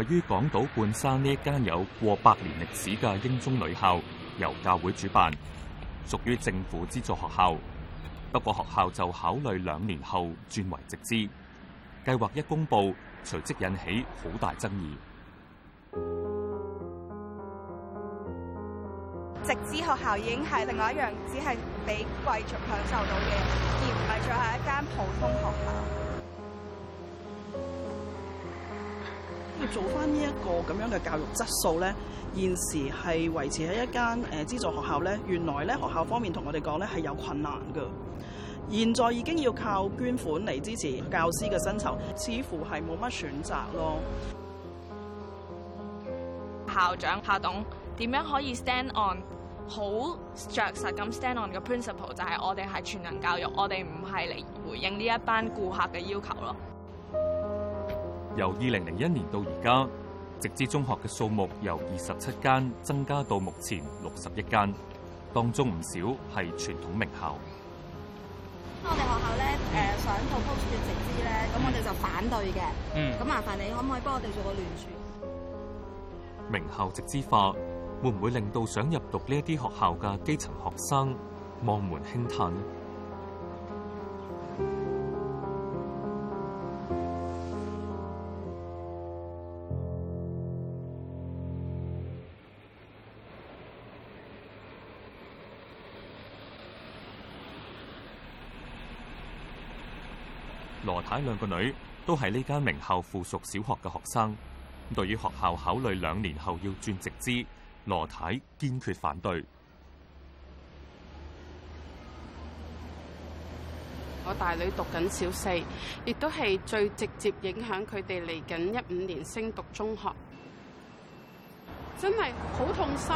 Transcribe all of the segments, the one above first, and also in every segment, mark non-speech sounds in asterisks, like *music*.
位於港島半山呢一間有過百年歷史嘅英中女校，由教會主辦，屬於政府資助學校。不過學校就考慮兩年後轉為直資。計劃一公布，隨即引起好大爭議。直資學校已經係另外一樣，只係俾貴族享受到嘅，而唔係再係一間普通學校。要做翻呢一個咁樣嘅教育質素呢？現時係維持喺一間誒資助學校呢？原來呢，學校方面同我哋講呢係有困難噶現在已經要靠捐款嚟支持教師嘅薪酬，似乎係冇乜選擇咯。校長、校董點樣可以 stand on 好着實咁 stand on 嘅 principle？就係我哋係全人教育，我哋唔係嚟回應呢一班顧客嘅要求咯。由二零零一年到而家，直資中學嘅數目由二十七間增加到目前六十一間，當中唔少係傳統名校。我哋學校咧，誒想套高處嘅直資咧，咁我哋就反對嘅。嗯，咁麻煩你可唔可以幫我哋做個聯署？名、嗯、校直資化會唔會令到想入讀呢一啲學校嘅基層學生望門興嘆？羅太兩個女都係呢間名校附屬小學嘅學生，對於學校考慮兩年後要轉直資，羅太堅決反對。我大女讀緊小四，亦都係最直接影響佢哋嚟緊一五年升讀中學，真係好痛心。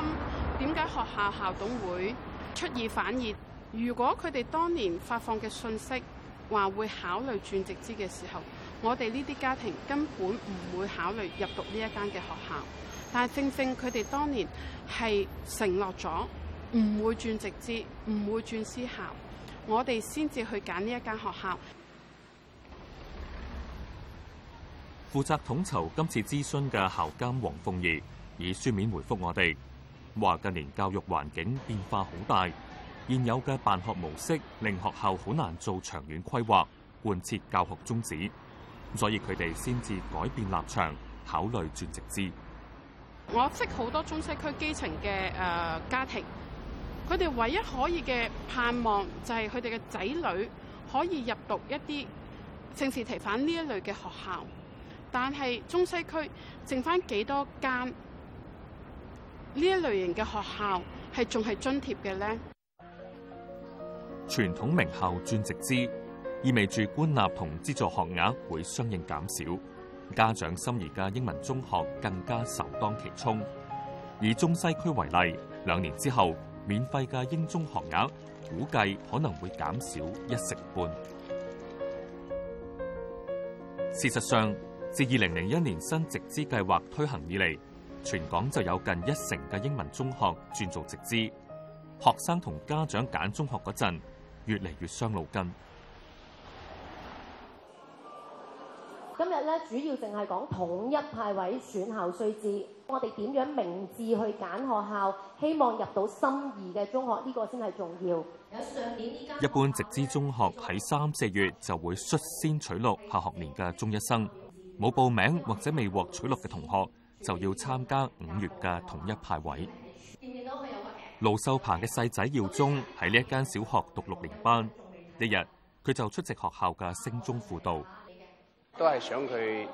點解學校校董會出爾反爾？如果佢哋當年發放嘅信息，話會考慮轉直資嘅時候，我哋呢啲家庭根本唔會考慮入讀呢一間嘅學校，但係正正佢哋當年係承諾咗唔會轉直資、唔會轉私校，我哋先至去揀呢一間學校。負責統籌今次諮詢嘅校監黃鳳儀以書面回覆我哋，話近年教育環境變化好大。現有嘅辦學模式令學校好難做長遠規劃，貫徹教學宗旨，所以佢哋先至改變立場，考慮轉直資。我識好多中西區基層嘅誒家庭，佢哋唯一可以嘅盼望就係佢哋嘅仔女可以入讀一啲聖士提反呢一類嘅學校，但係中西區剩返幾多間呢一類型嘅學校係仲係津貼嘅呢？傳統名校轉直資，意味住官立同資助學額會相應減少，家長心儀嘅英文中學更加首當其衝。以中西區為例，兩年之後，免費嘅英中學額估計可能會減少一成半。事實上，自二零零一年新直資計劃推行以嚟，全港就有近一成嘅英文中學轉做直資，學生同家長揀中學嗰陣，越嚟越傷腦筋。今日咧，主要淨係講統一派位選校須知，我哋點樣明智去揀學校，希望入到心儀嘅中學，呢個先係重要。一般，直資中學喺三四月就會率先取錄下學年嘅中一生，冇報名或者未獲取錄嘅同學就要參加五月嘅統一派位。盧秀鵬嘅細仔耀宗喺呢一間小學讀六年班一，一日佢就出席學校嘅升中輔導，都係想佢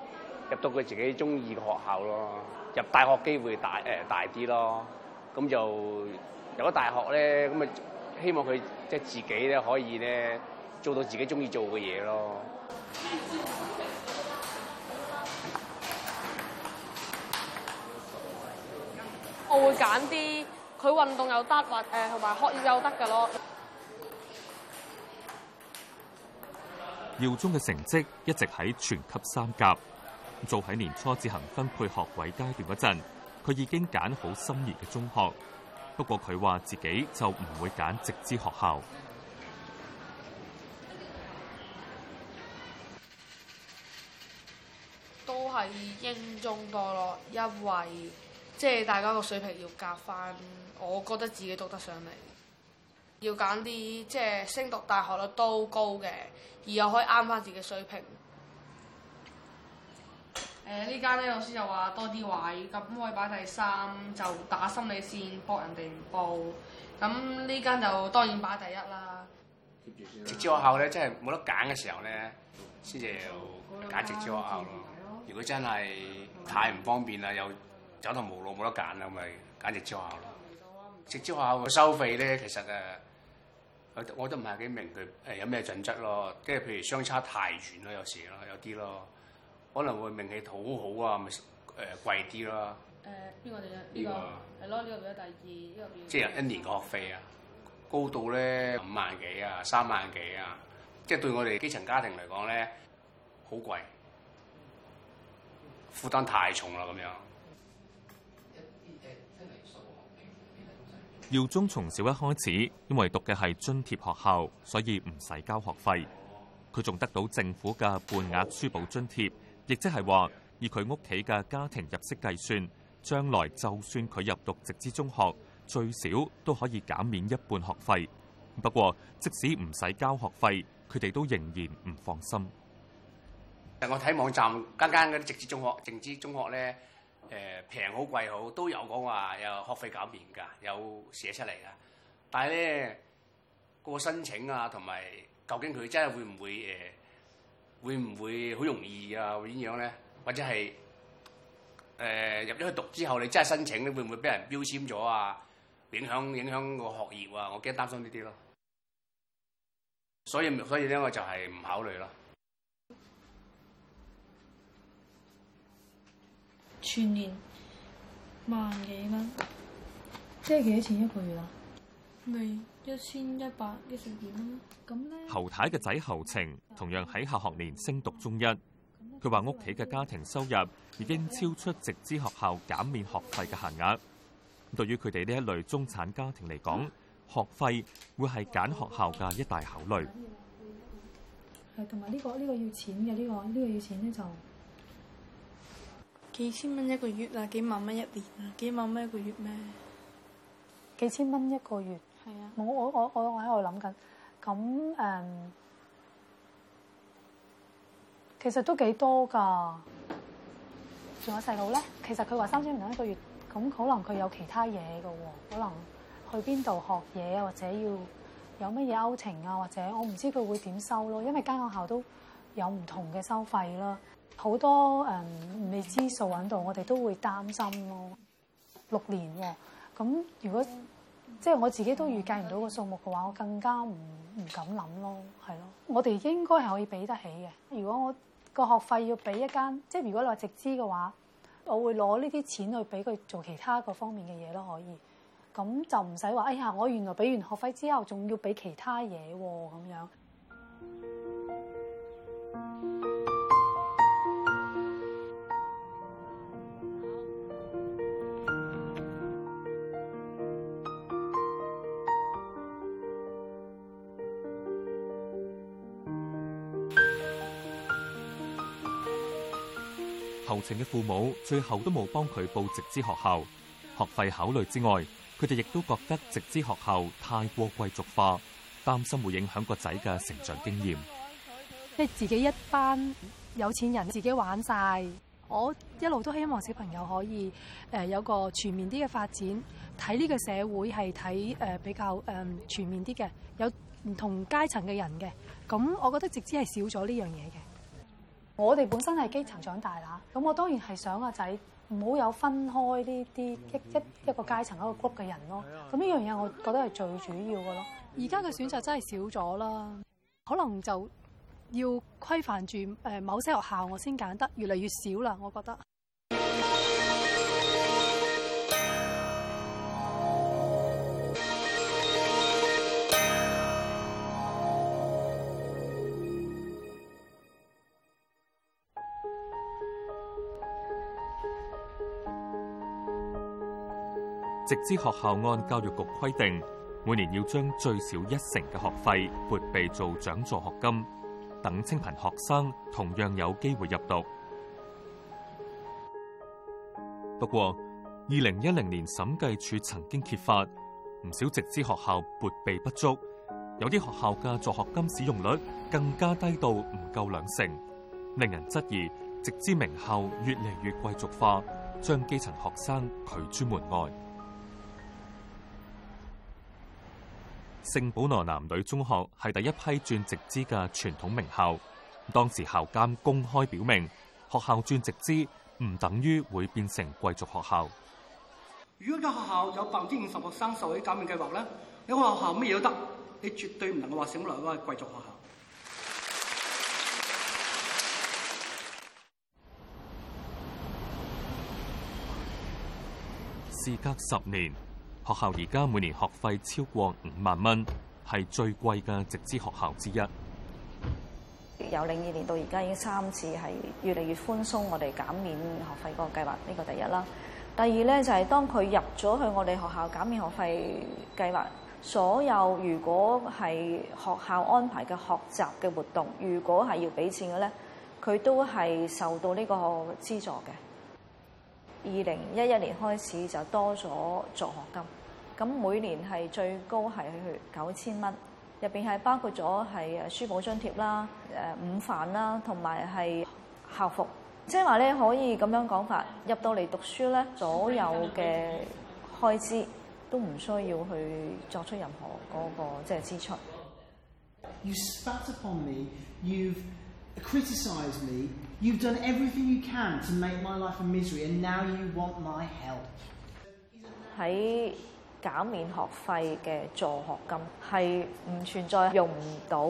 入到佢自己中意嘅學校咯，入大學機會大誒、呃、大啲咯，咁就入咗大學咧，咁啊希望佢即係自己咧可以咧做到自己中意做嘅嘢咯。 *laughs* 我會揀啲。佢運動又得，話同埋學業又得噶咯。耀中嘅成績一直喺全級三甲。做喺年初自行分配學位階段嗰陣，佢已經揀好心儀嘅中學。不過佢話自己就唔會揀直資學校。都係英中多囉，因為，即係大家個水平要夾翻，我覺得自己讀得上嚟，要揀啲即係升讀大學率都高嘅，而又可以啱翻自己水平。誒呢間咧老師就話多啲位，咁可以擺第三就打心理戰，搏人哋唔報。咁呢間就當然擺第一啦。直資學校咧，真係冇得揀嘅時候咧，先至揀直資學校咯。如果真係太唔方便啦，又～走投無路冇得揀啦，咪揀直資學校咯。直資學校佢收費咧，其實誒，我都唔係幾明佢誒有咩準則咯。即係譬如相差太遠咯，有時咯，有啲咯，可能會名氣討好好啊，咪誒、呃、貴啲咯。誒邊、呃、個呢個係咯，呢、呢個變咗、呢個、第二，呢、呢個即係一年個學費啊，高到咧五萬幾啊，三萬幾啊，即、就、係、是、對我哋基層家庭嚟講咧，好貴，負擔太重啦咁樣。耀忠從小一開始，因為讀嘅係津貼學校，所以唔使交學費。佢仲得到政府嘅半額書簿津貼，亦即係話，以佢屋企嘅家庭入息計算，將來就算佢入讀直資中學，最少都可以減免一半學費。不過，即使唔使交學費，佢哋都仍然唔放心。我睇網站間間嘅直資中學、直資中學咧。誒平好貴好都有講話有學費減免㗎，有寫出嚟㗎。但係咧個申請啊，同埋究竟佢真係會唔會誒會唔會好容易啊？會點樣咧？或者係誒入咗去讀之後，你真係申請咧，你會唔會俾人標籤咗啊？影響影響個學業啊！我驚擔心呢啲咯。所以所以咧，我就係唔考慮咯。全年萬幾蚊，即係幾多錢一個月啊？未一千一百一十二蚊。咁呢，侯太嘅仔侯晴同樣喺下學年升讀中一，佢話屋企嘅家庭收入已經超出直資學校減免學費嘅限額。對於佢哋呢一類中產家庭嚟講，嗯、學費會係揀學校嘅一大考慮。係同埋呢個呢、呢個要錢嘅呢、呢個呢、呢個要錢呢就。幾千蚊一個月啊！幾萬蚊一年啊！幾萬蚊一個月咩？幾千蚊一個月。係啊的，我我我我喺度諗緊，咁誒、嗯，其實都幾多㗎。仲有細佬咧，其實佢話三千蚊一個月，咁可能佢有其他嘢㗎喎，可能去邊度學嘢啊，或者要有乜嘢歐程啊，或者我唔知佢會點收咯，因為間學校都有唔同嘅收費啦。好多誒未知數揾到，我哋都會擔心咯。六年喎，咁如果即係我自己都預計唔到個數目嘅話，我更加唔唔敢諗咯，係咯。我哋應該係可以俾得起嘅。如果我個學費要俾一間，即係如果你話直資嘅話，我會攞呢啲錢去俾佢做其他各方面嘅嘢都可以。咁就唔使話，哎呀，我原來俾完學費之後，仲要俾其他嘢喎咁樣。情嘅父母最後都冇幫佢報直資學校。學費考慮之外，佢哋亦都覺得直資學校太過貴族化，擔心會影響個仔嘅成長經驗。即係自己一班有錢人自己玩晒，我一路都希望小朋友可以誒有個全面啲嘅發展。睇呢個社會係睇誒比較誒全面啲嘅，有唔同階層嘅人嘅。咁我覺得直資係少咗呢樣嘢嘅。我哋本身係基層長大啦，咁我當然係想阿仔唔好有分開呢啲一一一,一個階層一個 group 嘅人咯。咁呢樣嘢我覺得係最主要嘅咯。而家嘅選擇真係少咗啦，可能就要規範住誒某些學校我，我先揀得越嚟越少啦。我覺得。直資學校按教育局規定，每年要將最少一成嘅學費撥備做獎助學金，等清貧學生同樣有機會入讀。不過，二零一零年審計處曾經揭發，唔少直資學校撥備不足，有啲學校嘅助學金使用率更加低到唔夠兩成，令人質疑直資名校越嚟越貴族化，將基層學生拒諸門外。聖保羅男女中學係第一批轉直資嘅傳統名校，當時校監公開表明，學校轉直資唔等於會變成貴族學校。如果間學校有百分之五十學生受起減免計劃咧，一個學校乜嘢都得，你絕對唔能夠話聖保羅嗰個貴族學校。事隔十年。學校而家每年學費超過五萬蚊，係最貴嘅直資學校之一。由零二年到而家已經三次係越嚟越寬鬆，我哋減免學費嗰個計劃。呢個第一啦，第二咧就係當佢入咗去我哋學校減免學費計劃，所有如果係學校安排嘅學習嘅活動，如果係要俾錢嘅咧，佢都係受到呢個資助嘅。二零一一年開始就多咗助學金，咁每年係最高係去九千蚊，入邊係包括咗係誒書簿津貼啦、誒午飯啦，同埋係校服。即係話咧，可以咁樣講法，入到嚟讀書咧，所有嘅開支都唔需要去作出任何嗰個即係支出。You 喺減免學費嘅助學金係唔存在用唔到，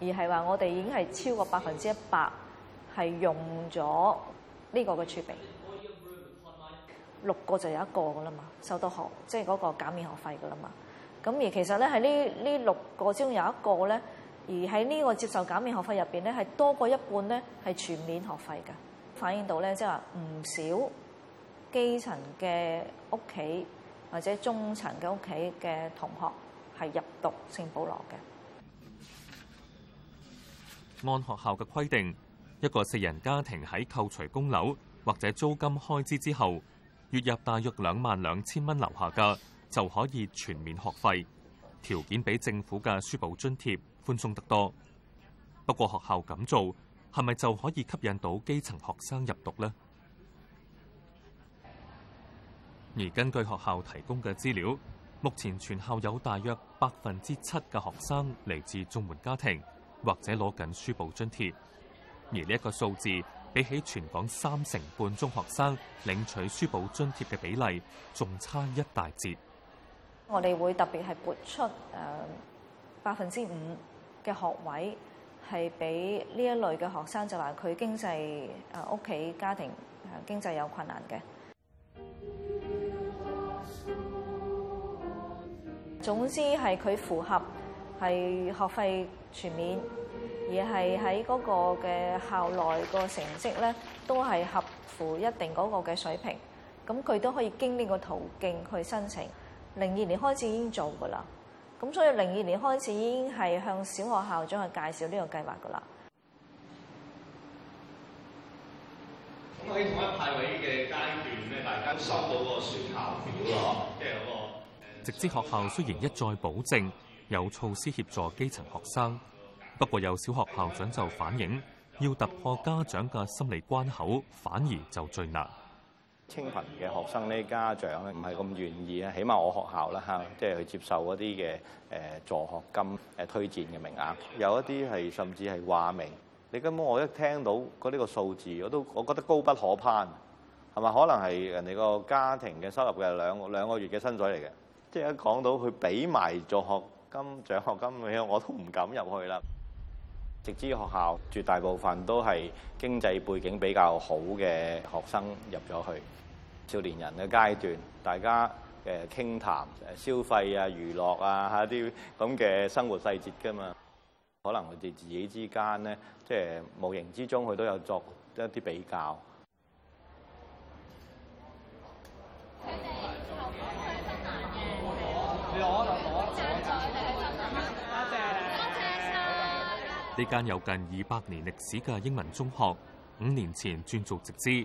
而係話我哋已經係超過百分之一百係用咗呢個嘅儲備。六個就有一個㗎喇嘛，收到學，即係嗰個減免學費㗎喇嘛。咁而其實呢喺呢呢六個之中有一個呢。而喺呢個接受減免學費入邊呢係多過一半呢係全面學費嘅，反映到咧，即係話唔少基層嘅屋企或者中層嘅屋企嘅同學係入讀聖保羅嘅。按學校嘅規定，一個四人家庭喺扣除供樓或者租金開支之後，月入大約兩萬兩千蚊留下嘅，就可以全面學費條件，比政府嘅書簿津貼寬鬆得多，不過學校咁做係咪就可以吸引到基層學生入讀呢？而根據學校提供嘅資料，目前全校有大約百分之七嘅學生嚟自綜援家庭，或者攞緊書簿津貼。而呢一個數字比起全港三成半中學生領取書簿津貼嘅比例，仲差一大截。我哋會特別係撥出百分之五。.嘅學位係俾呢一類嘅學生，就話佢經濟啊屋企家庭啊經濟有困難嘅。總之係佢符合係學費全免，而係喺嗰個嘅校內個成績咧都係合乎一定嗰個嘅水平，咁佢都可以經呢個途徑去申請。零二年開始已經做㗎啦。咁所以零二年開始已經係向小學校長去介紹呢個計劃噶啦。咁喺統一派位嘅階段咧，大家都收到個選校表咯，即係嗰個。直資學校雖然一再保證有措施協助基層學生，不過有小學校長就反映，要突破家長嘅心理關口，反而就最難。清貧嘅學生呢，家長咧唔係咁願意啊。起碼我學校啦嚇、啊，即係去接受嗰啲嘅誒助學金誒推薦嘅名額，有一啲係甚至係話明你根本我一聽到嗰呢個數字，我都我覺得高不可攀，係咪？可能係人哋個家庭嘅收入嘅兩個兩個月嘅薪水嚟嘅，即係一講到佢俾埋助學金、獎學金嗰啲，我都唔敢入去啦。直資學校絕大部分都係經濟背景比較好嘅學生入咗去，少年人嘅階段，大家誒傾談誒消費啊娛樂啊一啲咁嘅生活細節噶嘛，可能佢哋自己之間咧，即係無形之中佢都有作一啲比較。呢間有近二百年歷史嘅英文中學，五年前轉做直資，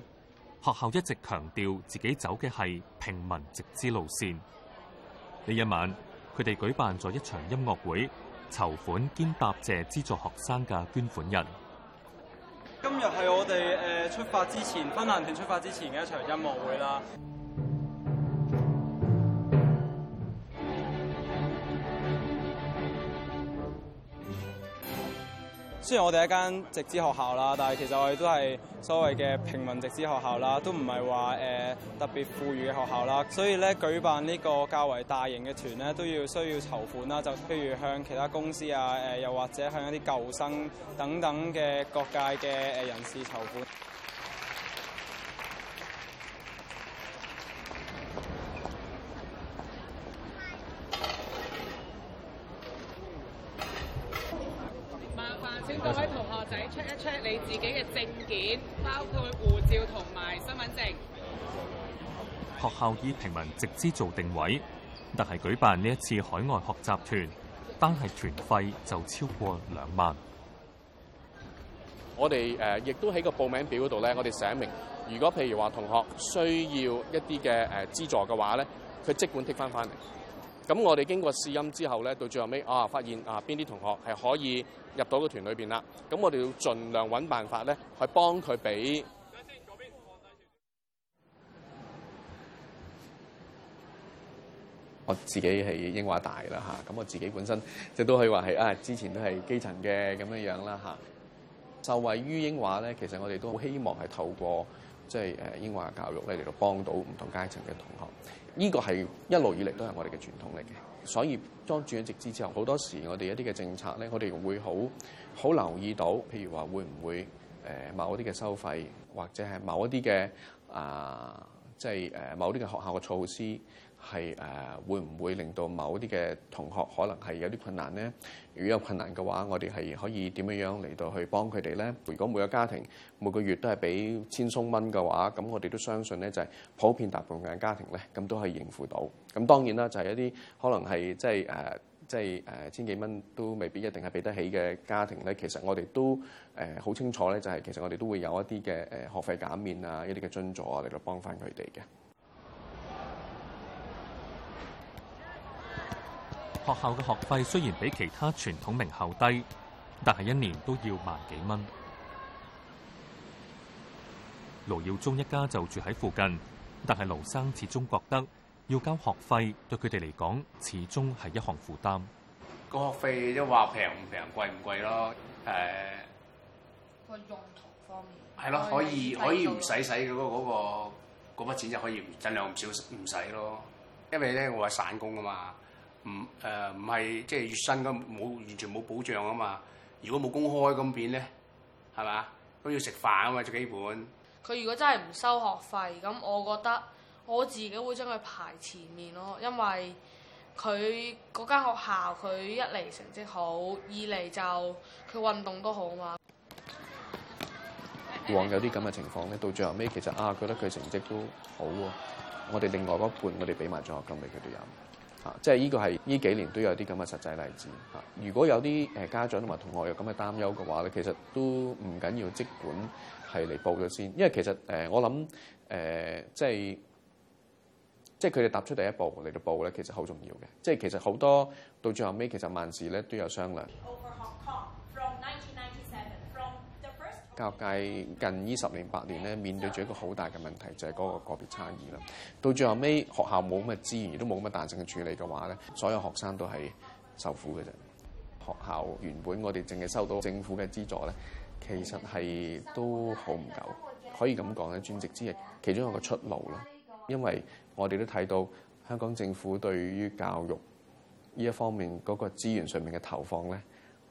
學校一直強調自己走嘅係平民直資路線。呢一晚，佢哋舉辦咗一場音樂會，籌款兼答謝資助學生嘅捐款人。今日係我哋誒出發之前，芬蘭團出發之前嘅一場音樂會啦。雖然我哋係一間直資學校啦，但係其實我哋都係所謂嘅平民直資學校啦，都唔係話誒特別富裕嘅學校啦，所以咧舉辦呢個較為大型嘅團咧，都要需要籌款啦，就譬如向其他公司啊，誒、呃、又或者向一啲舊生等等嘅各界嘅誒人士籌款。你自己嘅證件，包括護照同埋身份證。學校以平民直資做定位，但係舉辦呢一次海外學習團，單係團費就超過兩萬。我哋誒亦都喺個報名表度咧，我哋寫明，如果譬如話同學需要一啲嘅誒資助嘅話咧，佢即管剔返返嚟。咁我哋經過試音之後咧，到最後尾啊，發現啊邊啲同學係可以。入到個團裏邊啦，咁我哋要盡量揾辦法咧，去幫佢俾，等等，我自己係英華大啦嚇，咁我自己本身即都可以話係啊，之前都係基層嘅咁樣樣啦吓，就、啊、受惠於英華咧，其實我哋都好希望係透過即係誒英華教育咧嚟到幫到唔同階層嘅同學。呢、個係一路以嚟都係我哋嘅傳統嚟嘅。所以當轉咗直資之後，好多時我哋一啲嘅政策咧，我哋會好好留意到，譬如話會唔會誒、呃、某一啲嘅收費，或者係某一啲嘅啊，即係誒某啲嘅學校嘅措施。係誒，係會唔會令到某啲嘅同學可能係有啲困難咧？如果有困難嘅話，我哋係可以點樣樣嚟到去幫佢哋咧？如果每個家庭每個月都係俾千鬆蚊嘅話，咁我哋都相信咧，就係普遍大部分嘅家庭咧，咁都係應付到。咁當然啦，就係、係、一啲可能係即係誒，即係誒千幾蚊都未必一定係俾得起嘅家庭咧。其實我哋都誒好清楚咧、就係，就係其實我哋都會有一啲嘅誒學費減免啊，一啲嘅津助啊，嚟到幫返佢哋嘅。學校嘅學費雖然比其他傳統名校低，但係一年都要萬幾蚊。盧耀忠一家就住喺附近，但係盧生始終覺得要交學費對佢哋嚟講始終係一項負擔。個學費即係話平唔平，貴唔貴咯？誒、呃，個用途方面係咯，的可以可以唔使使嗰嗰個嗰筆、嗰個、錢就可以盡量唔少唔使咯。因為咧，我係散工啊嘛。唔誒唔係即係月薪咁冇完全冇保障啊嘛！如果冇公開咁變咧，係嘛？都要食飯啊嘛，最基本。佢如果真係唔收學費咁，我覺得我自己會將佢排前面咯，因為佢嗰間學校佢一嚟成績好，二嚟就佢運動都好啊嘛。往有啲咁嘅情況咧，到最後尾其實啊，覺得佢成績都好喎，啊。我哋另外一半，我哋俾埋獎學金俾佢哋飲。啊，即係呢個係呢幾年都有啲咁嘅實際例子。啊，如果有啲誒家長同埋同學有咁嘅擔憂嘅話咧，其實都唔緊要，即管係嚟報咗先。因為其實誒，我諗誒，即係即係佢哋踏出第一步嚟到報咧，其實好重要嘅。即係其實好多到最後尾，其實萬事咧都有商量。教育界近呢十年八年咧，面對住一個好大嘅問題就係、是、嗰個個別差異啦。到最後尾，學校冇咁嘅資源，都冇咁嘅彈性嘅處理嘅話咧，所有學生都係受苦嘅啫。學校原本我哋淨係收到政府嘅資助咧，其實都很，係都好唔夠可以咁講咧。直資資歷其中有一個出路咯，因為我哋都睇到香港政府對於教育呢一方面嗰個資源上面嘅投放咧，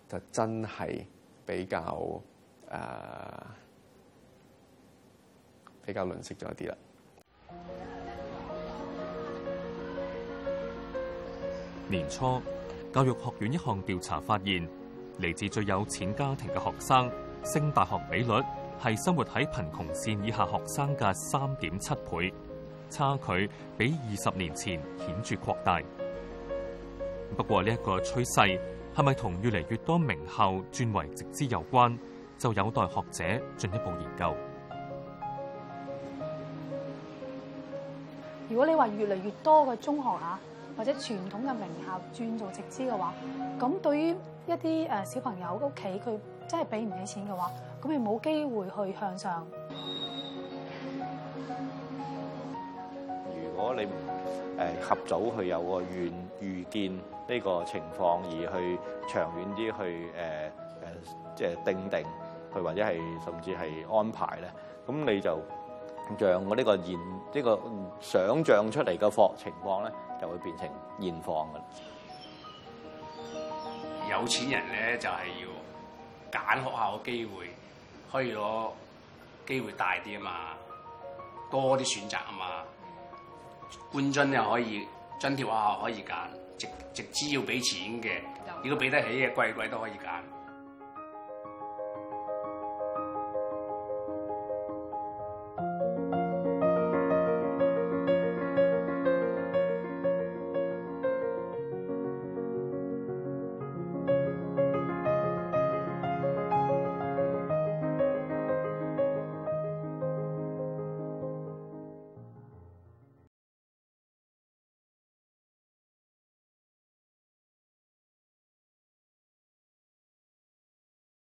就真係比較。誒、uh，比較吝嗇咗啲啦。年初教育學院一項調查發現，嚟自最有錢家庭嘅學生升大學比率係生活喺貧窮線以下學生嘅三點七倍，差距比二十年前顯著擴大。不過呢一個趨勢係咪同越嚟越多名校轉為直資有關？就有待學者進一步研究。如果你話越嚟越多嘅中學啊，或者傳統嘅名校轉做直資嘅話，咁對於一啲誒、小朋友屋企，佢真係俾唔起錢嘅話，咁咪冇機會去向上。如果你唔誒、及早去有個預預見呢個情況，而去長遠啲去誒、誒、即係定定。或者係甚至係安排咧，咁你就像我呢個現呢、這個想像出嚟嘅課情況咧，就會變成現況噶啦。有錢人咧就係、是、要揀學校嘅機會，可以攞機會大啲啊嘛，多啲選擇啊嘛。官津又可以，津貼學校可以揀，直直資要俾錢嘅，如果俾得起嘅貴唔貴都可以揀。